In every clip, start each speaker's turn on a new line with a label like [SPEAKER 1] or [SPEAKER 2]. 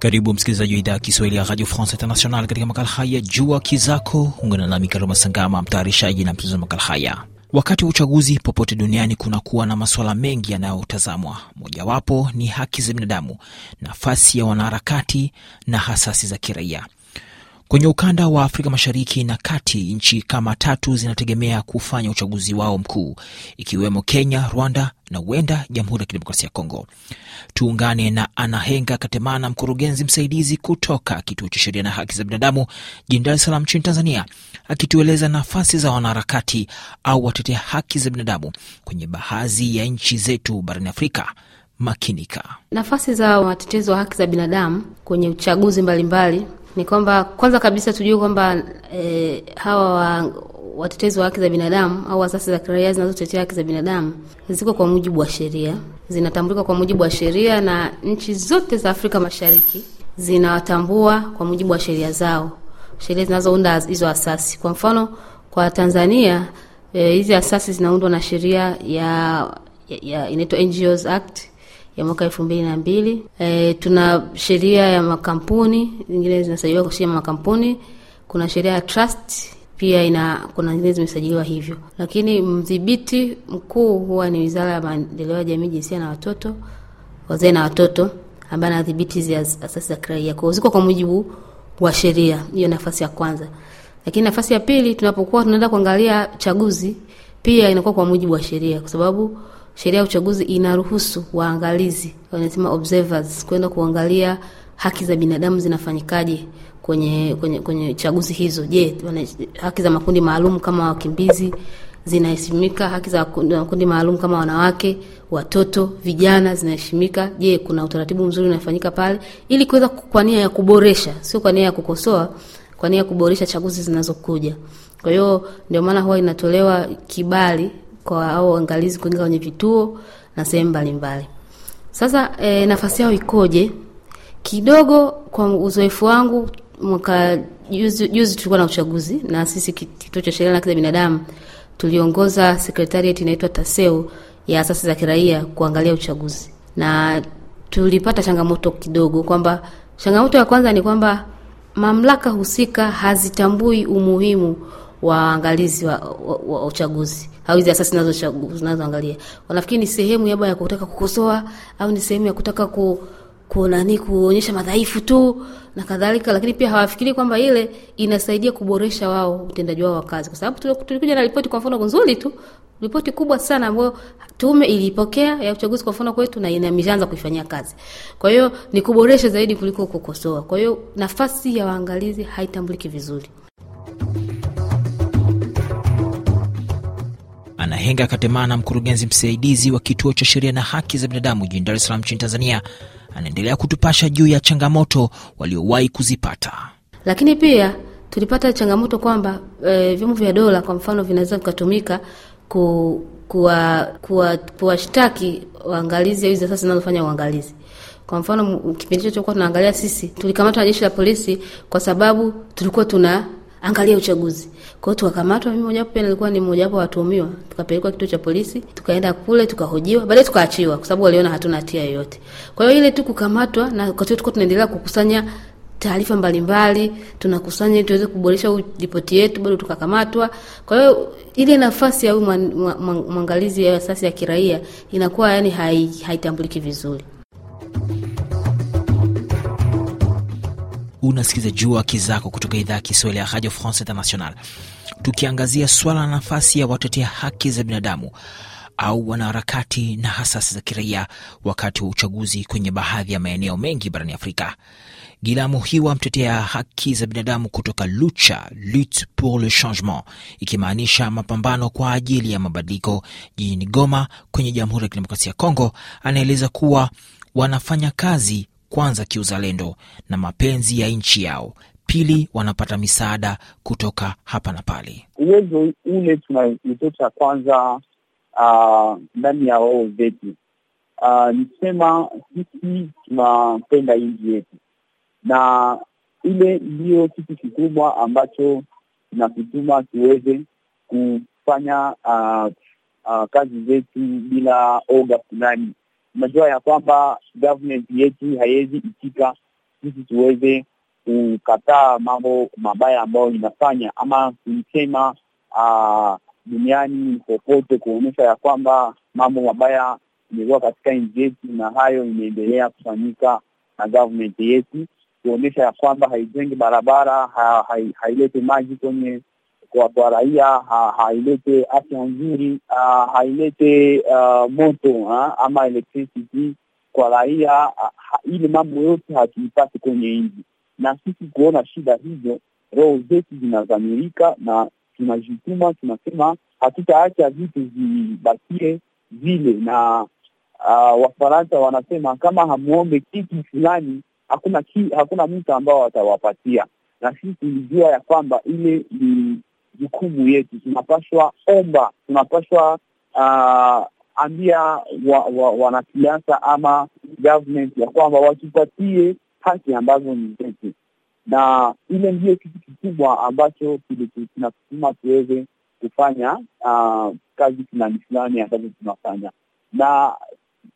[SPEAKER 1] Karibu msikilizaji wa idhaa ya Kiswahili ya Radio France International katika makala haya Jua Kizako. Ungana nami Karuma Sangama, mtayarishaji na mtunzi wa makala haya. Wakati wa uchaguzi popote duniani kunakuwa na masuala mengi yanayotazamwa. Mojawapo ni haki za binadamu, nafasi ya wanaharakati na hasasi za kiraia. Kwenye ukanda wa Afrika Mashariki na Kati, nchi kama tatu zinategemea kufanya uchaguzi wao mkuu, ikiwemo Kenya, Rwanda na huenda Jamhuri ya Kidemokrasia ya Kongo. Tuungane na Anahenga Katemana, mkurugenzi msaidizi kutoka Kituo cha Sheria na Haki za Binadamu jijini Dar es Salaam nchini Tanzania, akitueleza nafasi za wanaharakati au watetea haki za binadamu kwenye baadhi ya nchi zetu barani Afrika. Makinika.
[SPEAKER 2] Nafasi za watetezi wa haki za binadamu kwenye uchaguzi mbalimbali ni kwamba kwanza kabisa tujue kwamba e, hawa wa, watetezi wa haki za binadamu au asasi za kiraia zinazotetea haki za binadamu ziko kwa mujibu wa sheria, zinatambulika kwa mujibu wa sheria, na nchi zote za Afrika Mashariki zinawatambua kwa mujibu wa sheria zao, sheria zinazounda hizo asasi. Kwa mfano kwa Tanzania eh, hizi e, asasi zinaundwa na sheria ya, ya, ya inaitwa NGOs Act ya mwaka elfu mbili na mbili. E, tuna sheria ya makampuni zingine zinasajiliwa kwa sheria ya makampuni. Kuna sheria ya trust pia ina kuna zingine zimesajiliwa hivyo, lakini mdhibiti mkuu huwa ni Wizara ya Maendeleo ya Jamii, Jinsia na Watoto, Wazee na Watoto, ambaye anadhibiti hizi asasi za kiraia. kwao ziko kwa mujibu wa sheria hiyo, nafasi ya kwanza. Lakini nafasi ya pili, tunapokuwa tunaenda kuangalia chaguzi, pia inakuwa kwa mujibu wa sheria, kwa sababu sheria ya uchaguzi inaruhusu waangalizi, wanasema observers, kwenda kuangalia haki za binadamu zinafanyikaje kwenye, kwenye, kwenye chaguzi hizo. Je, haki za makundi maalum kama wakimbizi zinaheshimika? Haki za makundi maalum kama wanawake, watoto, vijana zinaheshimika? Je, kuna utaratibu mzuri unafanyika pale, ili kuweza kwa nia ya kuboresha, sio kwa nia ya kukosoa, kwa nia ya kuboresha chaguzi zinazokuja. Kwa hiyo ndio maana huwa inatolewa kibali kwa au waangalizi kuingia kwenye vituo na sehemu mbalimbali. Sasa e, nafasi yao ikoje? Kidogo kwa uzoefu wangu, mwaka juzi juzi tulikuwa na uchaguzi, na sisi kituo cha sheria na haki za binadamu tuliongoza sekretariat inaitwa TASEU ya asasi za kiraia kuangalia uchaguzi, na tulipata changamoto kidogo, kwamba changamoto ya kwanza ni kwamba mamlaka husika hazitambui umuhimu waangalizi wa, wa, wa uchaguzi au hizi asasi zinazoangalia, wanafikiri ni sehemu yaba ya kutaka kukosoa au ni sehemu ya kutaka ku kunani kuonyesha madhaifu tu na kadhalika, lakini pia hawafikiri kwamba ile inasaidia kuboresha wao utendaji wao wa kazi, kwa sababu tulikuja na ripoti kwa mfano nzuri tu, ripoti kubwa sana ambayo tume ilipokea ya uchaguzi kwa mfano kwetu, na imeshaanza kuifanyia kazi. Kwa hiyo ni kuboresha zaidi kuliko kukosoa. Kwa hiyo nafasi ya waangalizi haitambuliki vizuri.
[SPEAKER 1] Henga Katemana, mkurugenzi msaidizi wa kituo cha sheria na haki za binadamu jijini Dar es Salaam nchini Tanzania, anaendelea kutupasha juu ya changamoto waliowahi kuzipata.
[SPEAKER 2] Lakini pia tulipata changamoto kwamba e, vyombo vya dola kwa mfano vinaweza vikatumika ku, kuwashtaki waangalizi hizi asasi zinazofanya uangalizi. Kwa mfano kipindi hicho tulikuwa tunaangalia sisi, tulikamatwa na jeshi la polisi kwa sababu tulikuwa tuna angalia uchaguzi. kwao tukakamatwa, mimi mojawapo pia nilikuwa ni mmojawapo watuhumiwa, tukapelekwa kituo cha polisi, tukaenda kule tukahojiwa, baadaye tukaachiwa kwa sababu waliona hatuna hatia yoyote. Kwa hiyo ile tu kukamatwa, na wakati tulikuwa tunaendelea kukusanya taarifa mbalimbali, tunakusanya ili tuweze kuboresha ripoti yetu, bado tukakamatwa. Kwa hiyo ile nafasi ya huyu mwangalizi ya asasi ya kiraia inakuwa yani haitambuliki hai vizuri.
[SPEAKER 1] unasikiza juu Haki Zako kutoka idhaa ya Kiswahili ya Radio France International, tukiangazia swala la nafasi ya watetea haki za binadamu au wanaharakati na hasasi za kiraia wakati wa uchaguzi kwenye baadhi ya maeneo mengi barani Afrika. Gilamu Hiwa, mtetea haki za binadamu kutoka Lucha, Lutte pour le Changement, ikimaanisha mapambano kwa ajili ya mabadiliko, jijini Goma kwenye Jamhuri ya Kidemokrasia ya Kongo, anaeleza kuwa wanafanya kazi kwanza kiuzalendo na mapenzi ya nchi yao, pili wanapata misaada kutoka hapa na pale.
[SPEAKER 3] Uwezo ule tunaitota kwanza ah, ndani uh, ya roho zetu uh, nisema sisi tunapenda nchi yetu, na ile ndiyo kitu kikubwa ambacho kinatutuma tuweze kufanya uh, uh, kazi zetu bila oga fulani Unajua ya kwamba government yetu haiwezi itika sisi tuweze kukataa mambo mabaya ambayo inafanya ama kuisema ah, duniani popote, kuonyesha ya kwamba mambo mabaya imekuwa katika nji yetu, na hayo imeendelea kufanyika na government yetu, kuonyesha ya kwamba haijengi barabara, hailete maji kwenye kwa, kwa raia ha, hailete afya nzuri ha, hailete uh, moto ha, ama electricity kwa raia ha, ile mambo yote hatuipate kwenye nji, na sisi kuona shida hizo, roho zetu zinazamirika na tunajituma, tunasema hatutaacha vitu zibakie vile na uh, Wafaransa wanasema kama hamuombe kitu fulani hakuna ki, hakuna mtu ambao watawapatia, na sisi tulijua ya kwamba ile ni jukumu yetu, tunapaswa omba, tunapaswa uh, ah, ambia wanasiasa wa, wa ama government ya kwamba watupatie haki ambazo ni zetu, na ile ndiyo kitu kikubwa ambacho kinatutuma tuweze kufanya uh, kazi fulani fulani ambazo tunafanya, na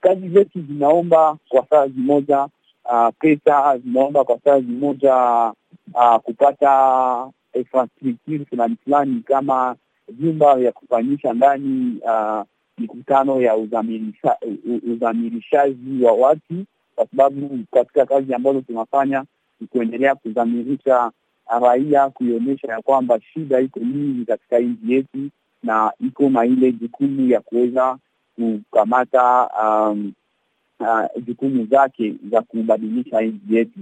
[SPEAKER 3] kazi zetu zinaomba kwa saa zimoja uh, pesa zinaomba kwa saa zimoja uh, kupata infrastructure fulani fulani kama vyumba vya kufanyisha ndani uh, mikutano ya udhamirishaji wa watu, kwa sababu katika kazi ambazo tunafanya ni kuendelea kudhamirisha raia, kuionyesha ya kwamba shida iko nyingi katika nchi yetu, na iko na ile jukumu ya kuweza kukamata um, uh, jukumu zake za kubadilisha nchi yetu.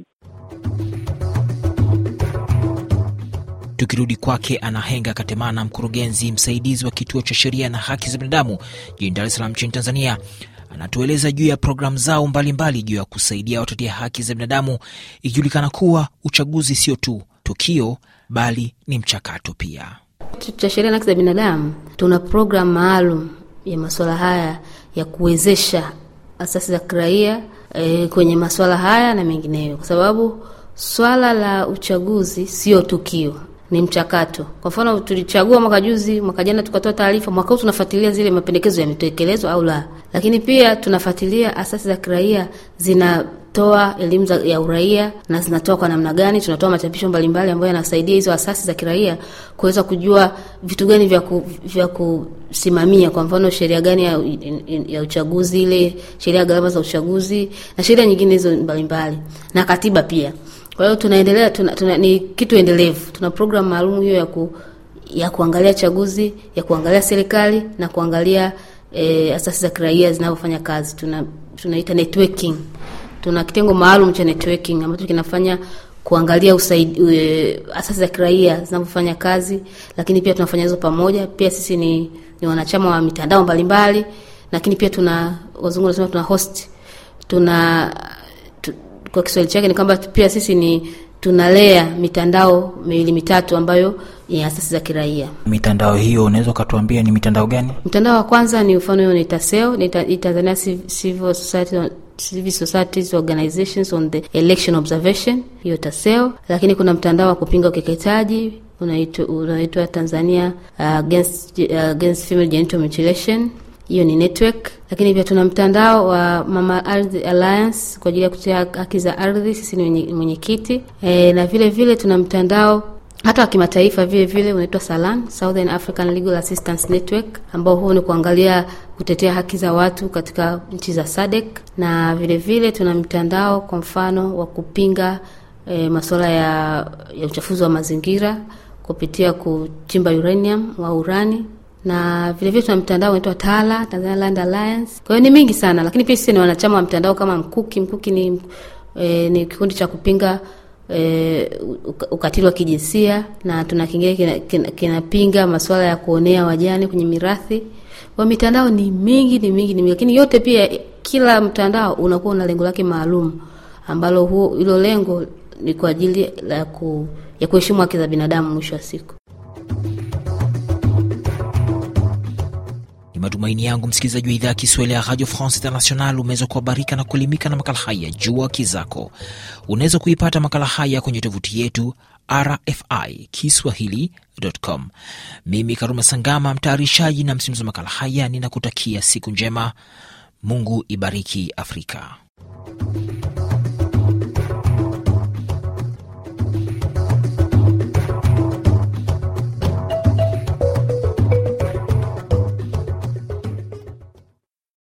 [SPEAKER 1] Tukirudi kwake Anahenga Katemana, mkurugenzi msaidizi wa kituo cha sheria na haki za binadamu jijini Dar es Salaam nchini Tanzania, anatueleza juu ya programu zao mbalimbali juu ya kusaidia watetea haki za binadamu, ikijulikana kuwa uchaguzi sio tu tukio bali ni mchakato pia.
[SPEAKER 2] Kituo cha sheria na haki za binadamu tuna programu maalum ya masuala haya ya kuwezesha asasi za kiraia e, kwenye masuala haya na mengineyo, kwa sababu swala la uchaguzi sio tukio ni mchakato. Kwa mfano, tulichagua mwaka juzi, mwaka jana tukatoa taarifa, mwaka huu tunafuatilia zile mapendekezo yametekelezwa au la, lakini pia tunafuatilia asasi za kiraia zina toa elimu ya uraia na zinatoa kwa namna gani. Tunatoa machapisho mbalimbali ambayo yanasaidia hizo asasi za kiraia kuweza kujua vitu gani vya ku, vya kusimamia, kwa mfano sheria gani ya, ya uchaguzi, ile sheria ya gharama za uchaguzi na sheria nyingine hizo mbalimbali na katiba pia. Kwa hiyo tunaendelea tuna, tuna, ni kitu endelevu. Tuna programu maalum hiyo ya ku, ya kuangalia chaguzi, ya kuangalia serikali na kuangalia e, asasi za kiraia zinavyofanya kazi. Tuna networking. Tuna kitengo maalum cha networking ambacho kinafanya kuangalia e, asasi za kiraia zinavyofanya kazi, lakini pia tunafanya hizo pamoja. Pia sisi ni, ni wanachama wa mitandao mbalimbali, lakini pia tuna wazungu wanasema tuna host tuna kwa Kiswahili chake ni kwamba pia sisi ni tunalea mitandao miwili mitatu ambayo ni asasi za kiraia.
[SPEAKER 1] Mitandao hiyo unaweza ukatuambia ni mitandao gani?
[SPEAKER 2] Mtandao wa kwanza ni mfano hiyo ni TASEO, ni Tanzania Civil Society Civil Societies Organizations on the Election Observation, hiyo TASEO. Lakini kuna mtandao wa kupinga ukeketaji unaitwa Tanzania uh, against, uh, against Female Genital Mutilation hiyo ni network, lakini pia tuna mtandao wa Mama Ardhi Alliance kwa ajili ya kutetea haki za ardhi. Sisi ni mwenyekiti e, na vile vile tuna mtandao hata wa kimataifa vile vile unaitwa SALAN, Southern African Legal Assistance Network, ambao huo ni kuangalia kutetea haki za watu katika nchi za sadek na vile vile tuna mtandao kwa mfano wa kupinga e, masuala ya, ya uchafuzi wa mazingira kupitia kuchimba uranium wa urani na vile tuna mtandao unaitwa Tala, Tanzania Land Alliance. Kwa hiyo ni mingi sana, lakini pia sisi ni wanachama wa mtandao kama Mkuki. Mkuki ni, e, ni kikundi cha kupinga e, ukatili wa kijinsia na tuna kingine kinapinga kina, masuala ya kuonea wajane kwenye mirathi. Kwa mitandao ni mingi, ni mingi, ni mingi, lakini yote pia kila mtandao unakuwa una lengo lake maalum ambalo huo hilo lengo ni kwa ajili ku, ya kuheshimu haki za binadamu mwisho wa siku.
[SPEAKER 1] Matumaini yangu msikilizaji wa idhaa ya Kiswahili ya Radio France International umeweza kuhabarika na kuelimika na makala haya jua haki zako. Unaweza kuipata makala haya kwenye tovuti yetu RFI Kiswahili.com. Mimi Karuma Sangama, mtayarishaji na msimuzi wa makala haya, ninakutakia siku njema. Mungu ibariki Afrika.